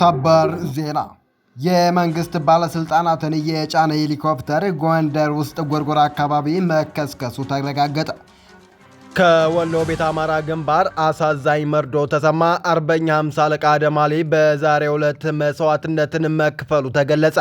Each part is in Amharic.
ሰበር ዜና የመንግስት ባለስልጣናትን የጫነ ሄሊኮፕተር ጎንደር ውስጥ ጎርጎራ አካባቢ መከስከሱ ተረጋገጠ። ከወሎ ቤት አማራ ግንባር አሳዛኝ መርዶ ተሰማ። አርበኛ ሃምሳ አለቃ ደማሌ በዛሬው ዕለት መስዋዕትነትን መክፈሉ ተገለጸ።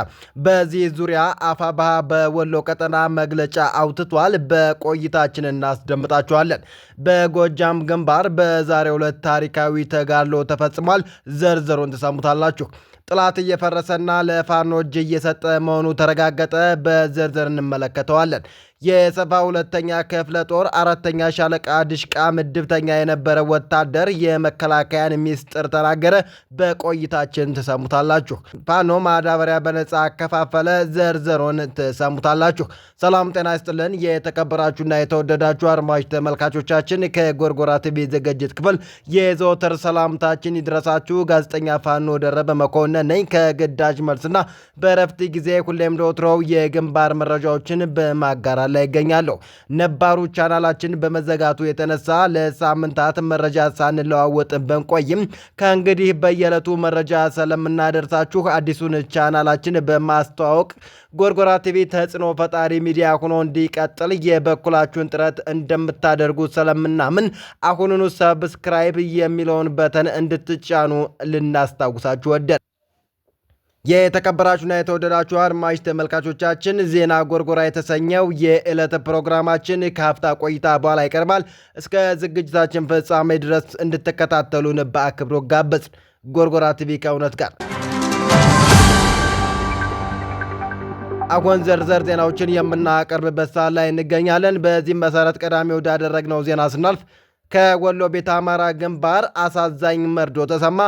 በዚህ ዙሪያ አፋባሃ በወሎ ቀጠና መግለጫ አውጥቷል። በቆይታችን እናስደምጣችኋለን። በጎጃም ግንባር በዛሬው ዕለት ታሪካዊ ተጋድሎ ተፈጽሟል። ዝርዝሩን ትሰሙታላችሁ። ጥላት እየፈረሰና ለፋኖ እጅ እየሰጠ መሆኑ ተረጋገጠ። በዝርዝር እንመለከተዋለን። የሰባ ሁለተኛ ክፍለ ጦር አራተኛ ሻለቃ ድሽቃ ምድብተኛ የነበረ ወታደር የመከላከያን ሚስጥር ተናገረ። በቆይታችን ትሰሙታላችሁ። ፋኖ ማዳበሪያ በነጻ አከፋፈለ። ዘርዘሮን ትሰሙታላችሁ። ሰላም ጤና ይስጥልን። የተከበራችሁና የተወደዳችሁ አድማጭ ተመልካቾቻችን ከጎርጎራ ቲቪ ዝግጅት ክፍል የዘወትር ሰላምታችን ይድረሳችሁ። ጋዜጠኛ ፋኖ ደረበ መኮንን ነኝ። ከግዳጅ መልስና በእረፍት ጊዜ ሁሌም እንደወትሮው የግንባር መረጃዎችን በማጋራል በመከታተል ላይ ይገኛለሁ። ነባሩ ቻናላችን በመዘጋቱ የተነሳ ለሳምንታት መረጃ ሳንለዋወጥ ብንቆይም ከእንግዲህ በየዕለቱ መረጃ ስለምናደርሳችሁ አዲሱን ቻናላችን በማስተዋወቅ ጎርጎራ ቲቪ ተጽዕኖ ፈጣሪ ሚዲያ ሆኖ እንዲቀጥል የበኩላችሁን ጥረት እንደምታደርጉ ስለምናምን አሁኑኑ ሰብስክራይብ የሚለውን በተን እንድትጫኑ ልናስታውሳችሁ ወደን የተከበራችሁና የተወደዳችሁ አድማጭ ተመልካቾቻችን ዜና ጎርጎራ የተሰኘው የዕለት ፕሮግራማችን ከሀፍታ ቆይታ በኋላ ይቀርባል። እስከ ዝግጅታችን ፍጻሜ ድረስ እንድትከታተሉን በአክብሮት ጋበዝ ጎርጎራ ቲቪ ከእውነት ጋር። አሁን ዘርዘር ዜናዎችን የምናቀርብበት ሰዓት ላይ እንገኛለን። በዚህም መሰረት ቀዳሚ ወዳደረግነው ዜና ስናልፍ ከወሎ ቤተ አማራ ግንባር አሳዛኝ መርዶ ተሰማ።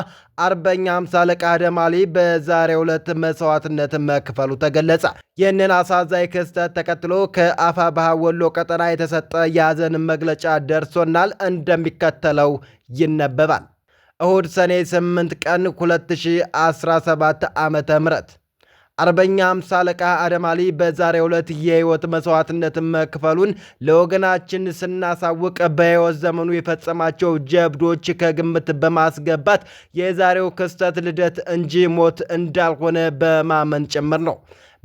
አርበኛ አምሳ አለቃ ደማሊ በዛሬ ሁለት መስዋዕትነት መክፈሉ ተገለጸ። ይህንን አሳዛኝ ክስተት ተከትሎ ከአፋ ባህ ወሎ ቀጠና የተሰጠ የሐዘን መግለጫ ደርሶናል፣ እንደሚከተለው ይነበባል። እሁድ ሰኔ 8 ቀን 2017 ዓ ም አርበኛ አምሳ አለቃ አደም አሊ በዛሬው ዕለት የህይወት መስዋዕትነት መክፈሉን ለወገናችን ስናሳውቅ በህይወት ዘመኑ የፈጸማቸው ጀብዶች ከግምት በማስገባት የዛሬው ክስተት ልደት እንጂ ሞት እንዳልሆነ በማመን ጭምር ነው።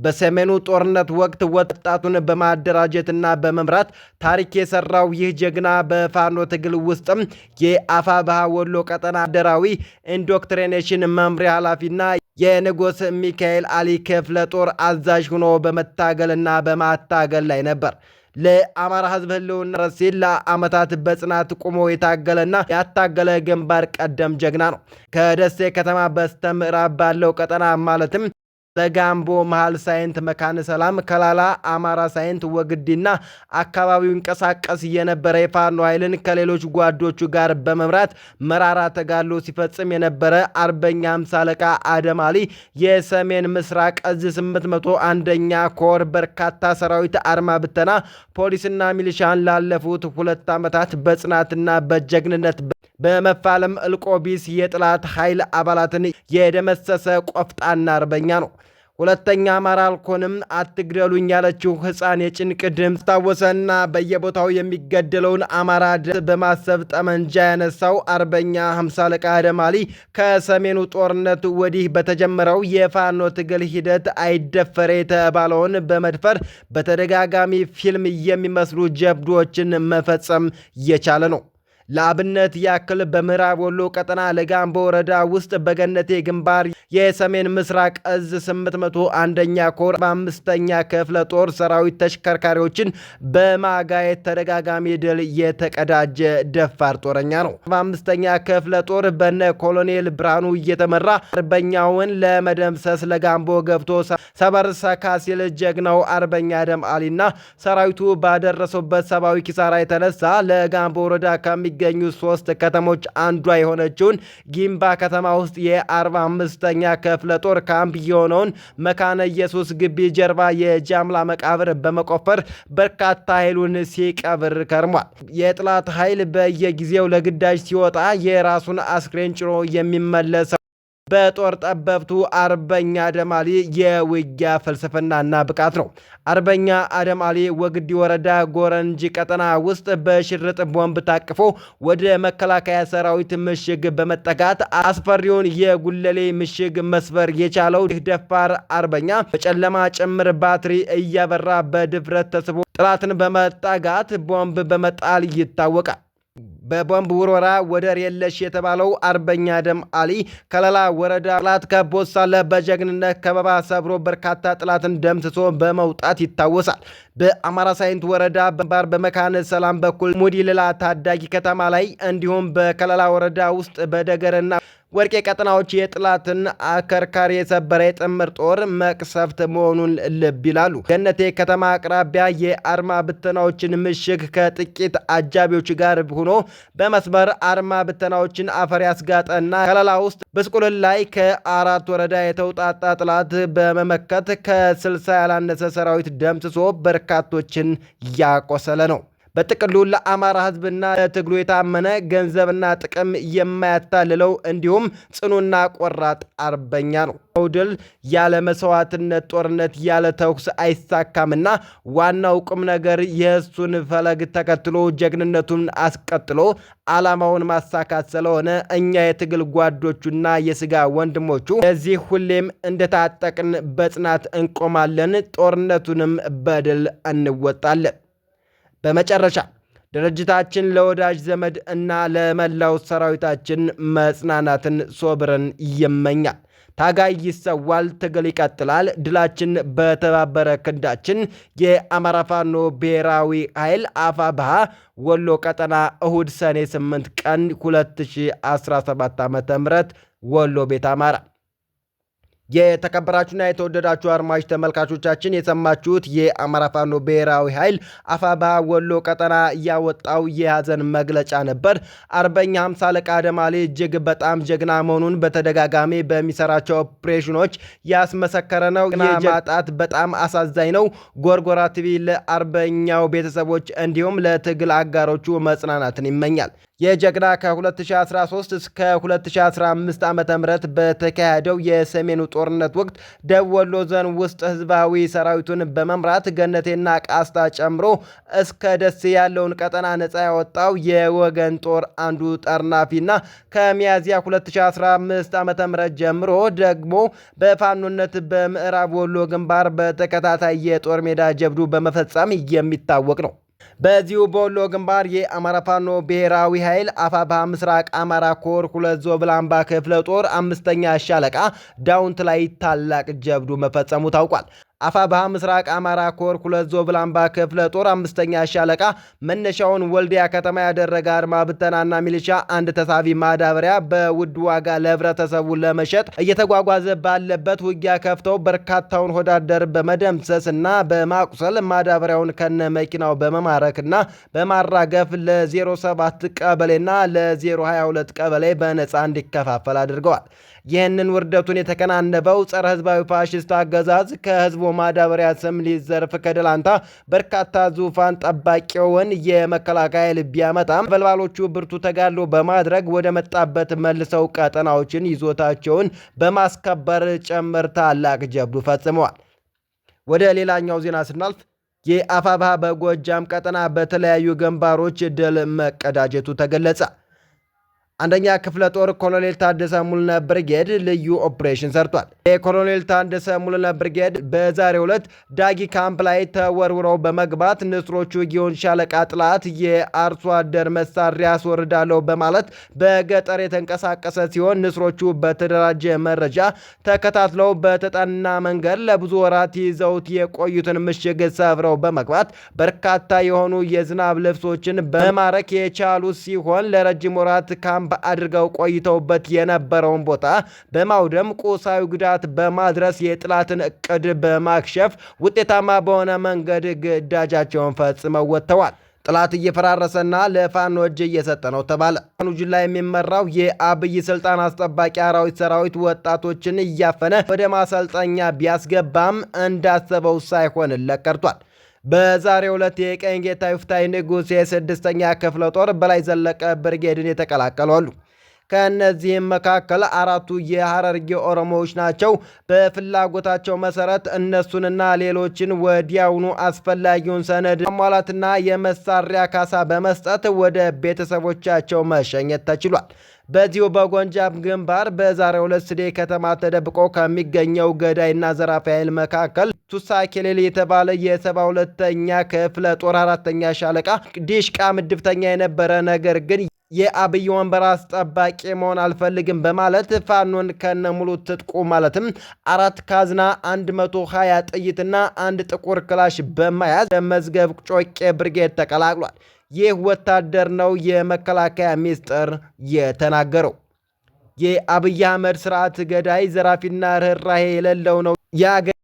በሰሜኑ ጦርነት ወቅት ወጣቱን በማደራጀትና በመምራት ታሪክ የሰራው ይህ ጀግና በፋኖ ትግል ውስጥም የአፋ ባሃ ወሎ ቀጠና አደራዊ ኢንዶክትሪኔሽን መምሪያ ኃላፊና የንጉሥ ሚካኤል አሊ ክፍለ ጦር አዛዥ ሆኖ በመታገልና በማታገል ላይ ነበር። ለአማራ ሕዝብ ህልውና ሲል ለዓመታት በጽናት ቆሞ የታገለና ያታገለ ግንባር ቀደም ጀግና ነው። ከደሴ ከተማ በስተ ምዕራብ ባለው ቀጠና ማለትም በጋምቦ መሃል ሳይንት መካነ ሰላም ከላላ አማራ ሳይንት ወግዲና አካባቢው ይንቀሳቀስ የነበረ የፋኖ ኃይልን ከሌሎች ጓዶቹ ጋር በመምራት መራራ ተጋድሎ ሲፈጽም የነበረ አርበኛ ሃምሳ አለቃ አደም አሊ የሰሜን ምስራቅ እዝ 801ኛ ኮር በርካታ ሰራዊት አርማ ብተና ፖሊስና ሚሊሻን ላለፉት ሁለት ዓመታት በጽናትና በጀግንነት በመፋለም እልቆ ቢስ የጥላት ኃይል አባላትን የደመሰሰ ቆፍጣና አርበኛ ነው። ሁለተኛ አማራ አልኮንም አትግደሉኝ ያለችው ህፃን የጭንቅ ድምፅ ታወሰና በየቦታው የሚገደለውን አማራ በማሰብ ጠመንጃ ያነሳው አርበኛ ሀምሳ አለቃ አደማሊ ከሰሜኑ ጦርነት ወዲህ በተጀመረው የፋኖ ትግል ሂደት አይደፈር የተባለውን በመድፈር በተደጋጋሚ ፊልም የሚመስሉ ጀብዶችን መፈጸም የቻለ ነው። ለአብነት ያክል በምዕራብ ወሎ ቀጠና ለጋምቦ ወረዳ ውስጥ በገነቴ ግንባር የሰሜን ምስራቅ እዝ 801ኛ ኮር በአምስተኛ ክፍለ ጦር ሰራዊት ተሽከርካሪዎችን በማጋየት ተደጋጋሚ ድል የተቀዳጀ ደፋር ጦረኛ ነው። በአምስተኛ ክፍለ ጦር በነ ኮሎኔል ብርሃኑ እየተመራ አርበኛውን ለመደምሰስ ለጋምቦ ገብቶ ሰበርሰካ ሲል ጀግናው አርበኛ ደም አሊና ሰራዊቱ ባደረሰበት ሰብአዊ ኪሳራ የተነሳ ለጋምቦ ወረዳ ከሚ ከሚገኙ ሶስት ከተሞች አንዷ የሆነችውን ጊምባ ከተማ ውስጥ የ45ኛ ክፍለ ጦር ካምፕ የሆነውን መካነ ኢየሱስ ግቢ ጀርባ የጃምላ መቃብር በመቆፈር በርካታ ኃይሉን ሲቀብር ከርሟል። የጥላት ኃይል በየጊዜው ለግዳጅ ሲወጣ የራሱን አስክሬን ጭኖ የሚመለሰው በጦር ጠበብቱ አርበኛ አደም አሊ የውጊያ ፍልስፍናና ብቃት ነው። አርበኛ አደም አሊ ወግዲ ወረዳ ጎረንጂ ቀጠና ውስጥ በሽርጥ ቦምብ ታቅፎ ወደ መከላከያ ሰራዊት ምሽግ በመጠጋት አስፈሪውን የጉለሌ ምሽግ መስበር የቻለው ይህ ደፋር አርበኛ በጨለማ ጭምር ባትሪ እያበራ በድፍረት ተስቦ ጥላትን በመጠጋት ቦምብ በመጣል ይታወቃል። በቦምብ ውርወራ ወደር የለሽ የተባለው አርበኛ ደም አሊ ከለላ ወረዳ ጥላት ከቦት ሳለ በጀግንነት ከበባ ሰብሮ በርካታ ጥላትን ደምስሶ በመውጣት ይታወሳል። በአማራ ሳይንት ወረዳ በንባር በመካነ ሰላም በኩል ሙዲ ልላ ታዳጊ ከተማ ላይ እንዲሁም በከለላ ወረዳ ውስጥ በደገርና ወርቄ ቀጠናዎች የጥላትን አከርካሪ የሰበረ የጥምር ጦር መቅሰፍት መሆኑን ልብ ይላሉ። ገነቴ ከተማ አቅራቢያ የአርማ ብተናዎችን ምሽግ ከጥቂት አጃቢዎች ጋር ሆኖ በመስበር አርማ ብተናዎችን አፈር ያስጋጠና ከለላ ውስጥ በስቁልል ላይ ከአራት ወረዳ የተውጣጣ ጥላት በመመከት ከስልሳ ያላነሰ ሰራዊት ደምስሶ በርካቶችን ያቆሰለ ነው። በጥቅሉ ለአማራ ህዝብና ለትግሉ የታመነ ገንዘብና ጥቅም የማያታልለው እንዲሁም ጽኑና ቆራጥ አርበኛ ነው። ድል ያለ መስዋዕትነት፣ ጦርነት ያለ ተኩስ አይሳካምና ዋናው ቁም ነገር የእሱን ፈለግ ተከትሎ ጀግንነቱን አስቀጥሎ ዓላማውን ማሳካት ስለሆነ እኛ የትግል ጓዶቹና የስጋ ወንድሞቹ እዚህ ሁሌም እንደታጠቅን በጽናት እንቆማለን። ጦርነቱንም በድል እንወጣለን። በመጨረሻ ድርጅታችን ለወዳጅ ዘመድ እና ለመላው ሰራዊታችን መጽናናትን፣ ሶብርን ይመኛል። ታጋይ ይሰዋል፣ ትግል ይቀጥላል። ድላችን በተባበረ ክንዳችን። የአማራ ፋኖ ብሔራዊ ኃይል አፋብሃ ወሎ ቀጠና እሁድ ሰኔ 8 ቀን 2017 ዓ ም ወሎ ቤት አማራ የተከበራችሁና የተወደዳችሁ አድማጭ ተመልካቾቻችን የሰማችሁት የአማራ ፋኖ ብሔራዊ ኃይል አፋባ ወሎ ቀጠና ያወጣው የሀዘን መግለጫ ነበር። አርበኛ ሃምሳ አለቃ ደማሌ እጅግ በጣም ጀግና መሆኑን በተደጋጋሚ በሚሰራቸው ኦፕሬሽኖች ያስመሰከረ ነው። ማጣት በጣም አሳዛኝ ነው። ጎርጎራ ቲቪ ለአርበኛው ቤተሰቦች እንዲሁም ለትግል አጋሮቹ መጽናናትን ይመኛል። የጀግና ከ2013 እስከ 2015 ዓ ም በተካሄደው የሰሜኑ ጦርነት ወቅት ደቡብ ወሎ ዞን ውስጥ ህዝባዊ ሰራዊቱን በመምራት ገነቴና ቃስታ ጨምሮ እስከ ደሴ ያለውን ቀጠና ነጻ ያወጣው የወገን ጦር አንዱ ጠርናፊና ከሚያዝያ 2015 ዓ ም ጀምሮ ደግሞ በፋኖነት በምዕራብ ወሎ ግንባር በተከታታይ የጦር ሜዳ ጀብዱ በመፈጸም የሚታወቅ ነው። በዚሁ በወሎ ግንባር የአማራ ፋኖ ብሔራዊ ኃይል አፋባ ምስራቅ አማራ ኮር ሁለት ዞብላምባ ክፍለ ጦር አምስተኛ ሻለቃ ዳውንት ላይ ታላቅ ጀብዱ መፈጸሙ ታውቋል። አፋብሃ ምስራቅ አማራ ኮር ሁለት ዞብላምባ ክፍለ ጦር አምስተኛ ሻለቃ መነሻውን ወልዲያ ከተማ ያደረገ አድማ ብተናና ሚሊሻ አንድ ተሳቢ ማዳበሪያ በውድ ዋጋ ለህብረተሰቡ ለመሸጥ እየተጓጓዘ ባለበት ውጊያ ከፍተው በርካታውን ሆዳደር በመደምሰስ እና በማቁሰል ማዳበሪያውን ከነ መኪናው በመማረክና በማራገፍ ለ07 ቀበሌና ለ022 ቀበሌ በነፃ እንዲከፋፈል አድርገዋል። ይህንን ውርደቱን የተከናነበው ጸረ ህዝባዊ ፋሽስት አገዛዝ ከህዝቡ ማዳበሪያ ስም ሊዘርፍ ከደላንታ በርካታ ዙፋን ጠባቂውን የመከላከያ ልብ ቢያመጣም በልባሎቹ ብርቱ ተጋድሎ በማድረግ ወደ መጣበት መልሰው ቀጠናዎችን ይዞታቸውን በማስከበር ጭምር ታላቅ ጀብዱ ፈጽመዋል። ወደ ሌላኛው ዜና ስናልፍ የአፋብኃ በጎጃም ቀጠና በተለያዩ ግንባሮች ድል መቀዳጀቱ ተገለጸ። አንደኛ ክፍለ ጦር ኮሎኔል ታደሰ ሙሉነ ብርጌድ ልዩ ኦፕሬሽን ሰርቷል። የኮሎኔል ታደሰ ሙሉነ ብርጌድ በዛሬው ዕለት ዳጊ ካምፕ ላይ ተወርውረው በመግባት ንስሮቹ ጊዮን ሻለቃ ጥላት የአርሶ አደር መሳሪያ አስወርዳለሁ በማለት በገጠር የተንቀሳቀሰ ሲሆን ንስሮቹ በተደራጀ መረጃ ተከታትለው በተጠና መንገድ ለብዙ ወራት ይዘውት የቆዩትን ምሽግ ሰብረው በመግባት በርካታ የሆኑ የዝናብ ልብሶችን በማረክ የቻሉ ሲሆን ለረጅም ወራት ካምፕ በደንብ አድርገው ቆይተውበት የነበረውን ቦታ በማውደም ቁሳዊ ጉዳት በማድረስ የጥላትን እቅድ በማክሸፍ ውጤታማ በሆነ መንገድ ግዳጃቸውን ፈጽመው ወጥተዋል። ጥላት እየፈራረሰና ለፋኖ እጅ እየሰጠ ነው ተባለ። ላይ የሚመራው የአብይ ስልጣን አስጠባቂ አራዊት ሰራዊት ወጣቶችን እያፈነ ወደ ማሰልጠኛ ቢያስገባም እንዳሰበው ሳይሆንለት ቀርቷል። በዛሬው ዕለት የቀኝ ጌታ ይፍታይ ንጉሥ የስድስተኛ ክፍለ ጦር በላይ ዘለቀ ብርጌድን የተቀላቀሉ አሉ። ከእነዚህም መካከል አራቱ የሐረርጌ ኦሮሞዎች ናቸው። በፍላጎታቸው መሰረት እነሱንና ሌሎችን ወዲያውኑ አስፈላጊውን ሰነድ አሟላትና የመሳሪያ ካሳ በመስጠት ወደ ቤተሰቦቻቸው መሸኘት ተችሏል። በዚሁ በጎንጃም ግንባር በዛሬ ሁለት ስዴ ከተማ ተደብቆ ከሚገኘው ገዳይና ዘራፊ ኃይል መካከል ቱሳ ኬሌል የተባለ የሰባ ሁለተኛ ክፍለ ጦር አራተኛ ሻለቃ ዲሽቃ ምድብተኛ የነበረ ነገር ግን የአብይ ወንበር አስጠባቂ መሆን አልፈልግም በማለት ፋኖን ከነሙሉ ትጥቁ ማለትም አራት ካዝና 120 ጥይትና አንድ ጥቁር ክላሽ በመያዝ መዝገብ ጮቄ ብርጌድ ተቀላቅሏል። ይህ ወታደር ነው የመከላከያ ሚኒስጥር የተናገረው። የአብይ አህመድ ስርዓት ገዳይ፣ ዘራፊና ርኅራሄ የሌለው ነው ያገን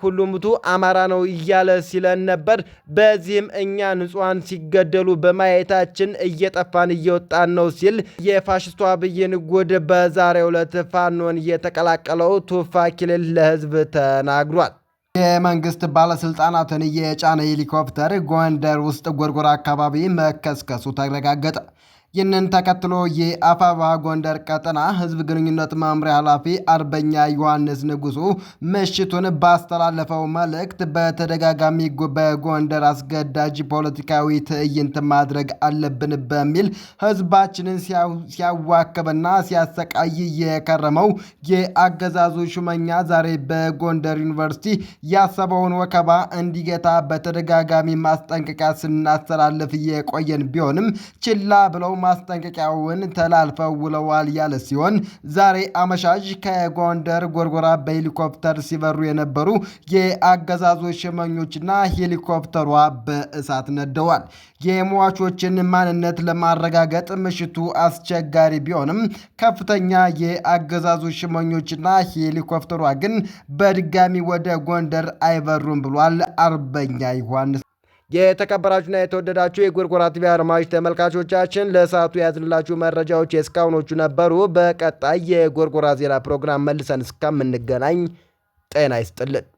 ሁሉ ምቱ አማራ ነው እያለ ሲለን ነበር። በዚህም እኛ ንጹሐን ሲገደሉ በማየታችን እየጠፋን እየወጣን ነው ሲል የፋሽስቱ አብይን ጉድ በዛሬው ዕለት ፋኖን እየተቀላቀለው ቱፋ ኪልል ለህዝብ ተናግሯል። የመንግስት ባለስልጣናትን የጫነ ሄሊኮፕተር ጎንደር ውስጥ ጎርጎራ አካባቢ መከስከሱ ተረጋገጠ። ይህንን ተከትሎ የአፋባ ጎንደር ቀጠና ህዝብ ግንኙነት መምሪያ ኃላፊ አርበኛ ዮሐንስ ንጉሱ ምሽቱን ባስተላለፈው መልእክት በተደጋጋሚ በጎንደር አስገዳጅ ፖለቲካዊ ትዕይንት ማድረግ አለብን በሚል ህዝባችንን ሲያዋክብና ሲያሰቃይ የከረመው የአገዛዙ ሹመኛ ዛሬ በጎንደር ዩኒቨርሲቲ ያሰበውን ወከባ እንዲገታ በተደጋጋሚ ማስጠንቀቂያ ስናስተላልፍ የቆየን ቢሆንም ችላ ብለው ማስጠንቀቂያውን ተላልፈው ውለዋል ያለ ሲሆን ዛሬ አመሻሽ ከጎንደር ጎርጎራ በሄሊኮፕተር ሲበሩ የነበሩ የአገዛዞ ሽመኞችና ሄሊኮፕተሯ በእሳት ነደዋል። የሟቾችን ማንነት ለማረጋገጥ ምሽቱ አስቸጋሪ ቢሆንም ከፍተኛ የአገዛዙ ሽመኞችና ሄሊኮፕተሯ ግን በድጋሚ ወደ ጎንደር አይበሩም ብሏል አርበኛ ዮሐንስ የተከበራችሁና የተወደዳችሁ የጎርጎራ ቲቪ አድማጭ ተመልካቾቻችን ለሰዓቱ ያዝንላችሁ መረጃዎች የእስካሁኖቹ ነበሩ። በቀጣይ የጎርጎራ ዜና ፕሮግራም መልሰን እስከምንገናኝ ጤና ይስጥልን።